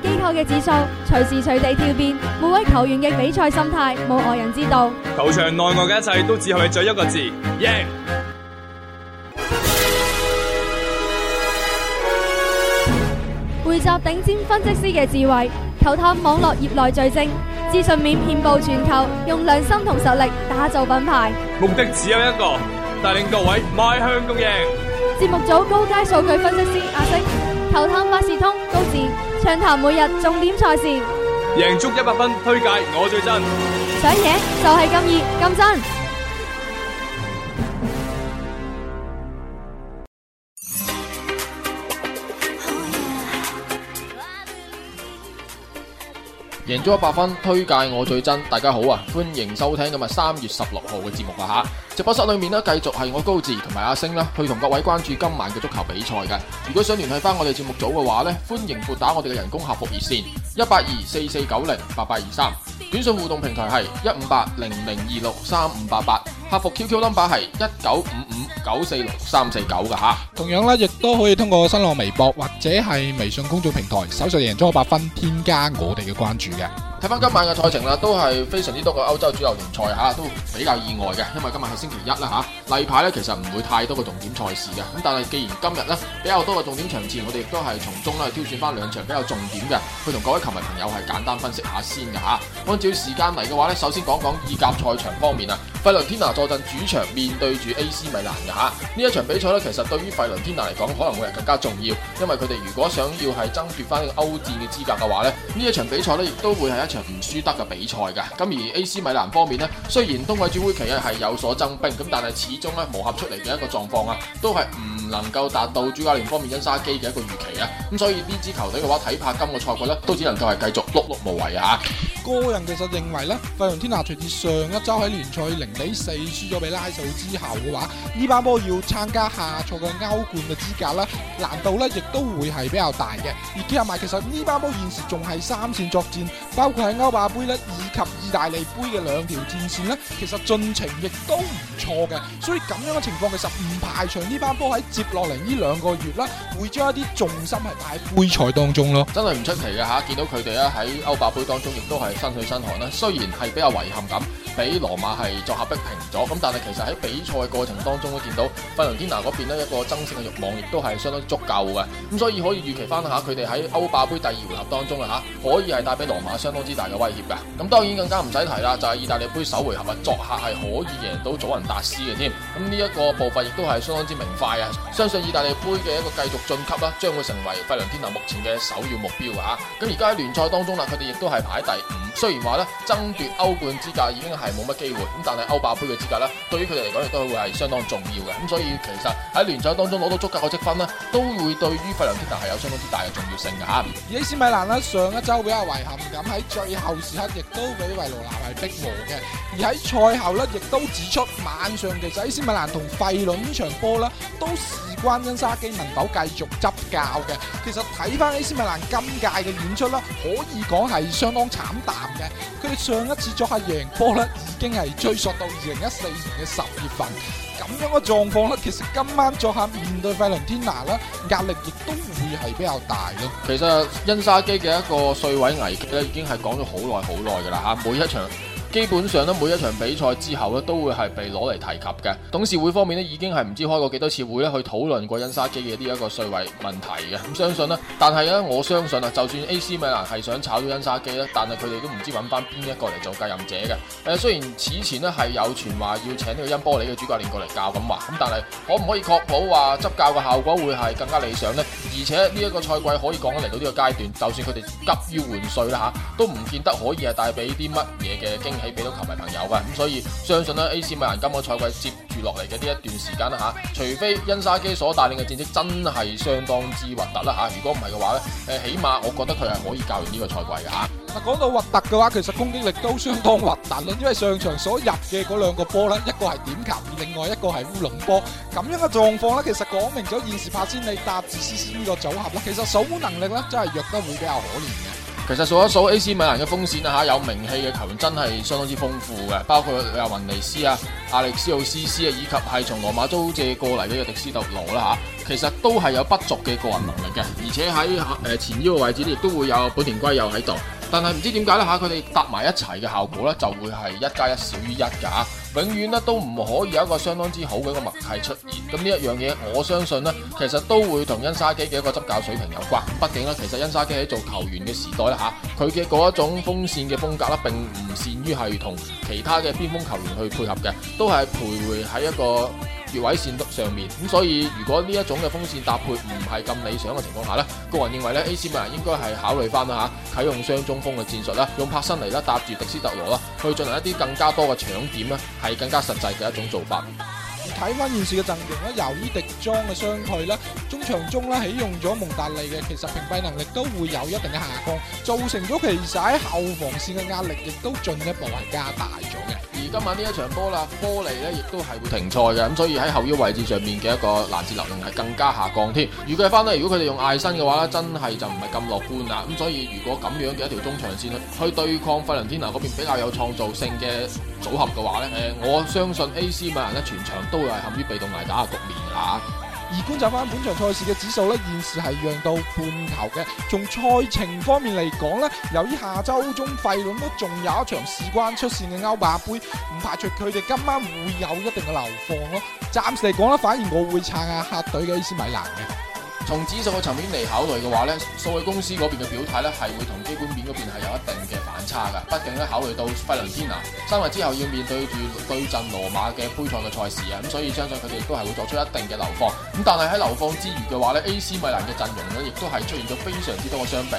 機構嘅指數隨時隨地跳變，每位球員嘅比賽心態冇外人知道。球場內外嘅一切都只可以再一個字：贏。匯集頂尖分析師嘅智慧，球探網絡業內最精，資訊面遍布全球，用良心同實力打造品牌。目的只有一個，帶領各位邁向共贏。節目組高階數據分析師阿星，球探百事通高智。暢談每日重點賽事，贏足一百分推介，我最真，想贏就係咁易咁真。贏咗一百分，推介我最真。大家好啊，歡迎收聽今日3 16日三月十六號嘅節目啊。直播室裏面繼續係我高志同埋阿星去同各位關注今晚嘅足球比賽嘅。如果想聯繫翻我哋節目組嘅話，歡迎撥打我哋嘅人工客服熱線一八二四四九零八八二三，短信互動平台係一五八零零二六三五八八。客服 QQ number 號碼係一九五五九四六三四九嘅吓。同樣咧亦都可以通過新浪微博或者係微信公眾平台搜索贏足 100FUN，添加我哋嘅關注嘅。睇翻今晚嘅賽程啦，都係非常之多嘅歐洲主流聯賽吓，都比較意外嘅，因為今晚係星期一啦吓。例牌咧其實唔會太多嘅重點賽事嘅，咁但係既然今日咧比較多嘅重點場次，我哋亦都係從中咧挑選翻兩場比較重點嘅，去同各位球迷朋友係簡單分析一下先嘅吓。按照時間嚟嘅話咧，首先講講意甲賽場方面啊。費倫天拿坐鎮主場面對住 AC 米蘭噶吓，呢一場比賽咧，其實對於費倫天拿嚟講，可能會係更加重要，因為佢哋如果想要係爭奪翻歐戰嘅資格嘅話咧，呢一場比賽咧亦都會係一場唔輸得嘅比賽噶。咁而 AC 米蘭方面呢，雖然冬季轉會期咧係有所增兵，咁但係始終咧磨合出嚟嘅一個狀況啊，都係唔能夠達到主教練方面因沙基嘅一個預期啊。咁所以呢支球隊嘅話，睇怕今個賽季咧都只能夠係繼續碌碌無為啊。個人其實認為咧，費倫天拿隨住上一周喺聯賽零比四輸咗俾拉素之後嘅話，呢班波要參加下賽嘅歐冠嘅資格啦，難度咧亦都會係比較大嘅。而結合埋，其實呢班波現時仲係三線作戰，包括喺歐霸杯咧以及意大利杯嘅兩條戰線呢，其實進程亦都唔錯嘅。所以咁樣嘅情況，其實唔排除呢班波喺接落嚟呢兩個月啦，會將一啲重心係擺喺杯賽當中咯。真係唔出奇嘅吓，見到佢哋咧喺歐霸杯當中亦都係。身水身寒啦，雖然係比較遺憾咁，俾羅馬係作客逼平咗，咁但係其實喺比賽過程當中都見到費倫天拿嗰邊呢一個爭勝嘅欲望，亦都係相當足夠嘅，咁所以可以預期翻下佢哋喺歐霸杯第二回合當中啊，可以係帶俾羅馬相當之大嘅威脅嘅。咁當然更加唔使提啦，就係、是、意大利杯首回合啊，作客係可以贏到祖雲達斯嘅添，咁呢一個部分亦都係相當之明快啊！相信意大利杯嘅一個繼續晉級啦，將會成為費倫天拿目前嘅首要目標啊！咁而家喺聯賽當中啦，佢哋亦都係排第五。雖然話咧爭奪歐冠資格已經係冇乜機會，咁但係歐霸杯嘅資格咧，對於佢哋嚟講亦都會係相當重要嘅。咁所以其實喺聯賽當中攞到足夠嘅積分呢，都會對於費倫天拿係有相當之大嘅重要性噶。而里斯米蘭上一周比較遺憾咁喺最後時刻亦都俾維羅納係逼和嘅，而喺賽後呢，亦都指出晚上其實里斯米蘭同費倫呢場波呢。都。關恩沙基能否繼續執教嘅？其實睇翻 AC 米蘭今屆嘅演出咧，可以講係相當慘淡嘅。佢哋上一次作客贏波咧，已經係追溯到二零一四年嘅十月份。咁樣嘅狀況咧，其實今晚作客面對費倫天拿咧，壓力亦都會係比較大嘅。其實恩沙基嘅一個帥位危機咧，已經係講咗好耐好耐嘅啦嚇，每一場。基本上咧，每一場比賽之後咧，都會係被攞嚟提及嘅。董事會方面咧，已經係唔知開過幾多次會咧，去討論過恩沙基嘅呢一個稅位問題嘅。咁相信咧，但係咧，我相信啊，就算 A.C. 米蘭係想炒咗恩沙基咧，但係佢哋都唔知揾翻邊一個嚟做繼任者嘅。誒，雖然此前咧係有傳話要請呢個因波里嘅主教練過嚟教咁話，咁但係可唔可以確保話執教嘅效果會係更加理想呢？而且呢一個賽季可以講嚟到呢個階段，就算佢哋急於換帥啦嚇，都唔見得可以係帶俾啲乜嘢嘅驚喜。俾到球迷朋友嘅，咁所以相信咧，A C 米蘭今個賽季接住落嚟嘅呢一段時間啦吓，除非因沙基所帶領嘅戰績真係相當之核突啦吓，如果唔係嘅話咧，誒起碼我覺得佢係可以教完呢個賽季嘅吓。嗱，講到核突嘅話，其實攻擊力都相當核突啦，因為上場所入嘅嗰兩個波咧，一個係點球，另外一個係烏龍波，咁樣嘅狀況咧，其實講明咗現時帕斯利搭住 C C 呢個組合咧，其實守門能力咧真係弱得會比較可憐嘅。其實數一數 AC 米蘭嘅鋒線啦，有名氣嘅球員真係相當之豐富嘅，包括阿雲尼斯啊、阿利斯奧斯斯啊，以及係從羅馬租借過嚟嘅一個迪斯度羅，其實都係有不俗嘅個人能力嘅，而且喺前腰嘅位置亦都會有本田圭佑喺度，但係唔知點解佢哋搭埋一齊嘅效果就會係一加一小於一噶。永遠咧都唔可以有一個相當之好嘅一個默契出現，咁呢一樣嘢，我相信呢，其實都會同恩沙基嘅一個執教水平有關。畢竟呢，其實恩沙基喺做球員嘅時代啦吓，佢嘅嗰一種風扇嘅風格啦，並唔擅於係同其他嘅邊鋒球員去配合嘅，都係徘徊喺一個越位線上面，咁所以如果呢一種嘅風扇搭配唔係咁理想嘅情況下呢，個人認為呢 AC 米蘭應該係考慮翻啦嚇，啟用雙中鋒嘅戰術啦，用帕辛尼啦搭住迪斯特羅啦，去進行一啲更加多嘅搶點啦，係更加實際嘅一種做法。睇翻現時嘅陣容咧，由於迪莊嘅傷退啦，中場中咧起用咗蒙達利嘅，其實屏蔽能力都會有一定嘅下降，造成咗其實喺後防線嘅壓力亦都進一步係加大咗嘅。而今晚呢一場波啦，波利咧亦都係會停賽嘅，咁所以喺後腰位置上面嘅一個攔截能力係更加下降添。預計翻咧，如果佢哋用艾森嘅話咧，真係就唔係咁樂觀啦。咁所以如果咁樣嘅一條中場線去對抗費倫天奴嗰邊比較有創造性嘅組合嘅話咧，誒，我相信 AC 米蘭咧全場都會係陷於被動挨打嘅局面啊！而觀察翻本場賽事嘅指數咧，現時係讓到半球嘅。從賽程方面嚟講咧，由於下周中費倫都仲有一場事關出線嘅歐霸杯，唔排除佢哋今晚會有一定嘅流放咯。暫時嚟講咧，反而我會撐下客隊嘅 AC 米蘭嘅。從指數嘅層面嚟考慮嘅話咧，數據公司嗰邊嘅表態咧係會同基本面嗰邊係有一定嘅。差噶，畢竟咧考慮到費倫天拿三日之後要面對住對陣羅馬嘅杯賽嘅賽事啊，咁所以相信佢哋都係會作出一定嘅流放。咁但係喺流放之餘嘅話咧，A.C. 米蘭嘅陣容咧亦都係出現咗非常之多嘅傷病。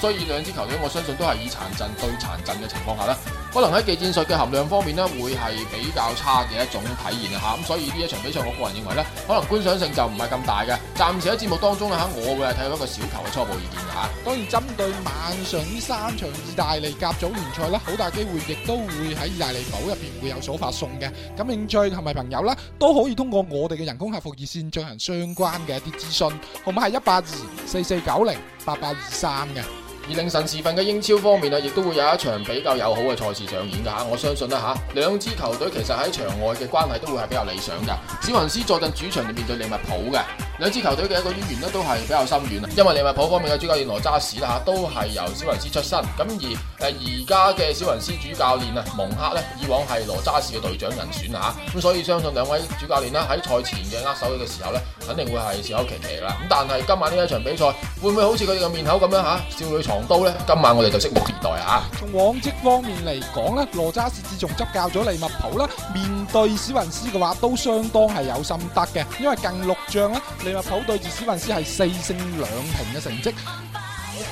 所以兩支球隊我相信都係以殘陣對殘陣嘅情況下咧，可能喺技戰術嘅含量方面咧會係比較差嘅一種體現吓。咁所以呢一場比賽我個人認為咧，可能觀賞性就唔係咁大嘅。暫時喺節目當中啊，我會係睇到一個小球嘅初步意見啊。當然針對晚上呢三場意大利甲組聯賽呢，好大機會亦都會喺意大利堡入邊會有所發送嘅。感興趣同埋朋友呢，都可以通過我哋嘅人工客服熱線進行相關嘅一啲資訊，號碼係一八二四四九零八八二三嘅。而凌晨時分嘅英超方面啊，亦都會有一場比較友好嘅賽事上演噶吓，我相信啦吓，兩支球隊其實喺場外嘅關係都會係比較理想噶。小雲斯坐陣主場面，面對利物浦嘅。兩支球隊嘅一個淵源咧都係比較深遠啊，因為利物浦方面嘅主教練羅渣士啦嚇，都係由史雲斯出身。咁而誒而家嘅史雲斯主教練啊蒙克咧，以往係羅渣士嘅隊長人選嚇，咁所以相信兩位主教練啦，喺賽前嘅握手嘅時候咧，肯定會係笑口騎騎啦。咁但係今晚呢一場比賽會唔會好似佢哋嘅面口咁樣嚇，少女藏刀咧？今晚我哋就拭目以待啊！從往績方面嚟講咧，羅渣士自從執教咗利物浦咧，面對史雲斯嘅話都相當係有心得嘅，因為近六仗咧。利物浦對住史雲斯係四勝兩平嘅成績，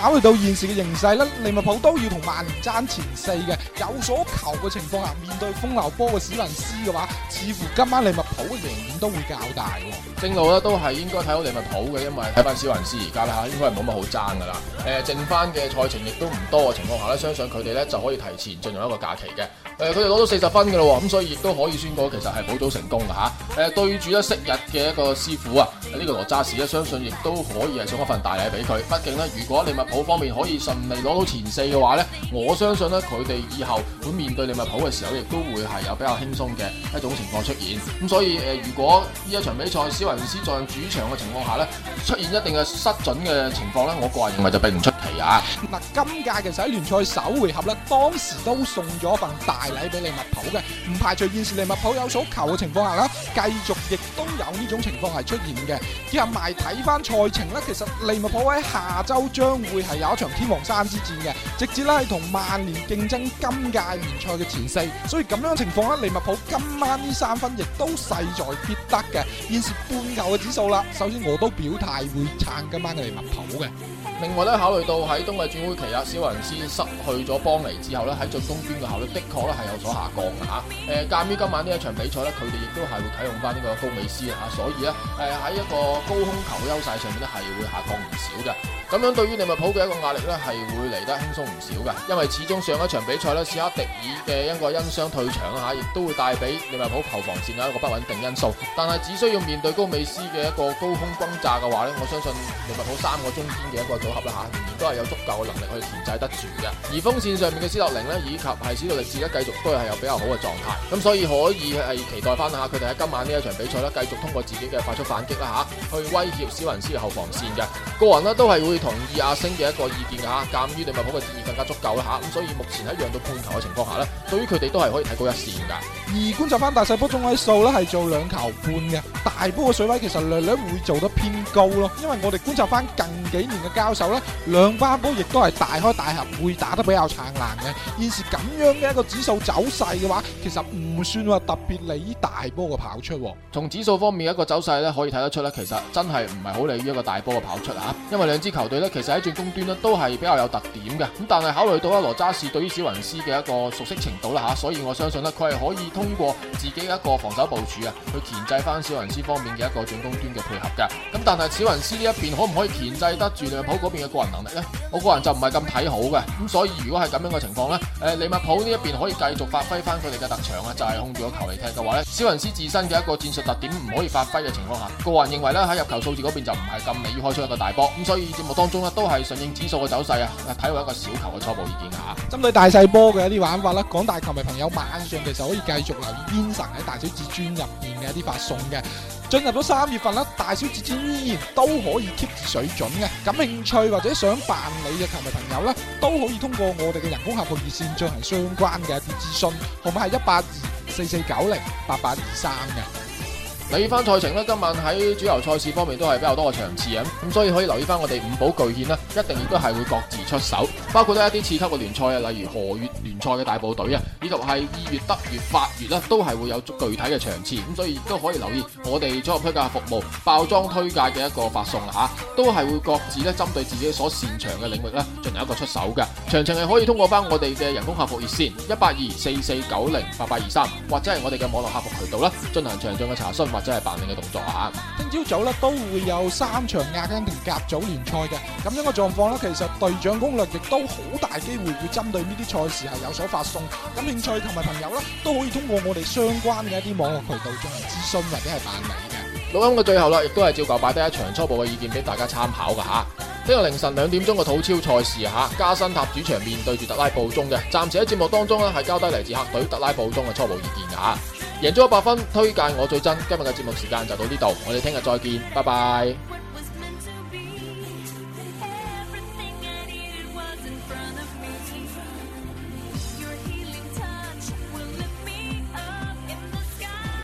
考慮到現時嘅形勢咧，利物浦都要同曼聯爭前四嘅，有所求嘅情況下，面對風流波嘅史雲斯嘅話，似乎今晚利物浦嘅贏面都會較大。正路咧都係應該睇好利物浦嘅，因為睇翻史雲斯而家咧吓，應該係冇乜好爭噶啦。誒、呃，剩翻嘅賽程亦都唔多嘅情況下咧，相信佢哋咧就可以提前進入一個假期嘅。誒、呃，佢哋攞到四十分嘅啦，咁所以亦都可以宣告其實係保組成功嘅吓。呃誒對住咧昔日嘅一個師傅啊，呢個羅渣士咧，相信亦都可以係送一份大禮俾佢。畢竟咧，如果利物浦方面可以順利攞到前四嘅話咧，我相信咧佢哋以後會面對利物浦嘅時候，亦都會係有比較輕鬆嘅一種情況出現。咁所以誒，如果呢一場比賽，史雲斯在主場嘅情況下咧，出現一定嘅失準嘅情況咧，我個人認為就並唔出奇啊。嗱，今屆其實喺聯賽首回合咧，當時都送咗份大禮俾利物浦嘅，唔排除現時利物浦有所求嘅情況下啦。繼續亦都有呢種情況係出現嘅，結合埋睇翻賽程呢，其實利物浦喺下周將會係有一場天王三天王山之戰嘅，直接咧係同曼聯競爭今屆聯賽嘅前四，所以咁樣嘅情況呢，利物浦今晚呢三分亦都勢在必得嘅，現時半球嘅指數啦，首先我都表態會撐今晚嘅利物浦嘅。另外咧，考慮到喺冬季轉會期啊，小雲斯失去咗邦尼之後咧，喺進攻端嘅效率的確咧係有所下降嘅嚇。誒、呃，鑑於今晚呢一場比賽咧，佢哋亦都係會啟用翻呢個高美斯嘅、啊、所以咧誒喺一個高空球優勢上面咧係會下降唔少嘅。咁樣對於利物浦嘅一個壓力咧係會嚟得輕鬆唔少嘅，因為始終上一場比賽咧，史哈迪爾嘅一個因傷退場嚇，亦都會帶俾利物浦球防線嘅一個不穩定因素。但係只需要面對高美斯嘅一個高空轟炸嘅話咧，我相信利物浦三個中堅嘅一個。組合啦吓，仍然都係有足夠嘅能力去填製得住嘅。而鋒線上面嘅斯洛寧咧，以及係史杜列治咧，繼續都係有比較好嘅狀態。咁所以可以係期待翻下佢哋喺今晚呢一場比賽咧，繼續通過自己嘅快速反擊啦吓，去威脅史雲斯嘅後防線嘅。個人咧都係會同意阿星嘅一個意見嘅吓，鑑於利物浦嘅戰意更加足夠吓，咁所以目前喺讓到半球嘅情況下咧，對於佢哋都係可以睇高一線噶。而觀察翻大細波中位數咧，係做兩球半嘅大波嘅水位，其實略略會做得偏高咯。因為我哋觀察翻近幾年嘅交手咧，兩班波亦都係大開大合，會打得比較燦爛嘅。現時咁樣嘅一個指數走勢嘅話，其實唔算話特別利於大波嘅跑出。從指數方面一個走勢咧，可以睇得出咧，其實真係唔係好利於一個大波嘅跑出嚇。因為兩支球隊咧，其實喺轉攻端咧都係比較有特點嘅。咁但係考慮到阿羅渣士對於史雲斯嘅一個熟悉程度啦嚇，所以我相信咧佢係可以。通過自己嘅一個防守部署啊，去鉗制翻小雲斯方面嘅一個進攻端嘅配合噶。咁但係小雲斯呢一邊可唔可以鉗制得住利物浦嗰邊嘅個人能力呢？我個人就唔係咁睇好嘅。咁所以如果係咁樣嘅情況呢，誒，利物浦呢一邊可以繼續發揮翻佢哋嘅特長啊，就係、是、控住個球嚟踢嘅話咧，小雲斯自身嘅一個戰術特點唔可以發揮嘅情況下，個人認為咧喺入球數字嗰邊就唔係咁利於開出一個大波。咁所以節目當中咧都係順應指數嘅走勢啊，睇落一個小球嘅初步意見吓。針對大細波嘅一啲玩法咧，廣大球迷朋友晚上其實可以計。續留意 e n 喺大小至尊入邊嘅一啲發送嘅，進入到三月份啦，大小至尊依然都可以 keep 住水準嘅。感興趣或者想辦理嘅球迷朋友咧，都可以通過我哋嘅人工客服熱線進行相關嘅一啲諮詢，號碼係一八二四四九零八八二三嘅。留意翻賽程咧，今晚喺主流賽事方面都係比較多嘅場次啊，咁所以可以留意翻我哋五保巨獻咧，一定亦都係會各自出手，包括咧一啲次級嘅聯賽啊，例如何月聯賽嘅大部隊啊，以及係二月、得月、八月呢，都係會有具體嘅場次，咁所以亦都可以留意我哋組合推介服務包裝推介嘅一個發送啦嚇，都係會各自咧針對自己所擅長嘅領域咧進行一個出手嘅，詳情係可以通過翻我哋嘅人工客服熱線一八二四四九零八八二三，823, 或者係我哋嘅網絡客服渠道啦，進行詳盡嘅查詢。或者係辦理嘅動作啊！聽朝早咧都會有三場阿根廷甲組聯賽嘅咁樣嘅狀況咧，其實隊長攻略亦都好大機會會針對呢啲賽事係有所發送。感興趣同埋朋友咧，都可以通過我哋相關嘅一啲網絡渠道進行諮詢或者係辦理嘅。錄音嘅最後啦，亦都係照舊擺低一場初步嘅意見俾大家參考嘅吓。聽日凌晨兩點鐘嘅土超賽事吓，加新塔主場面對住特拉布中嘅，暫時喺節目當中咧係交低嚟自客隊特拉布中嘅初步意見嘅吓。贏足 100FUN，推介我最真。今日嘅節目時間就到呢度，我哋聽日再見，拜拜。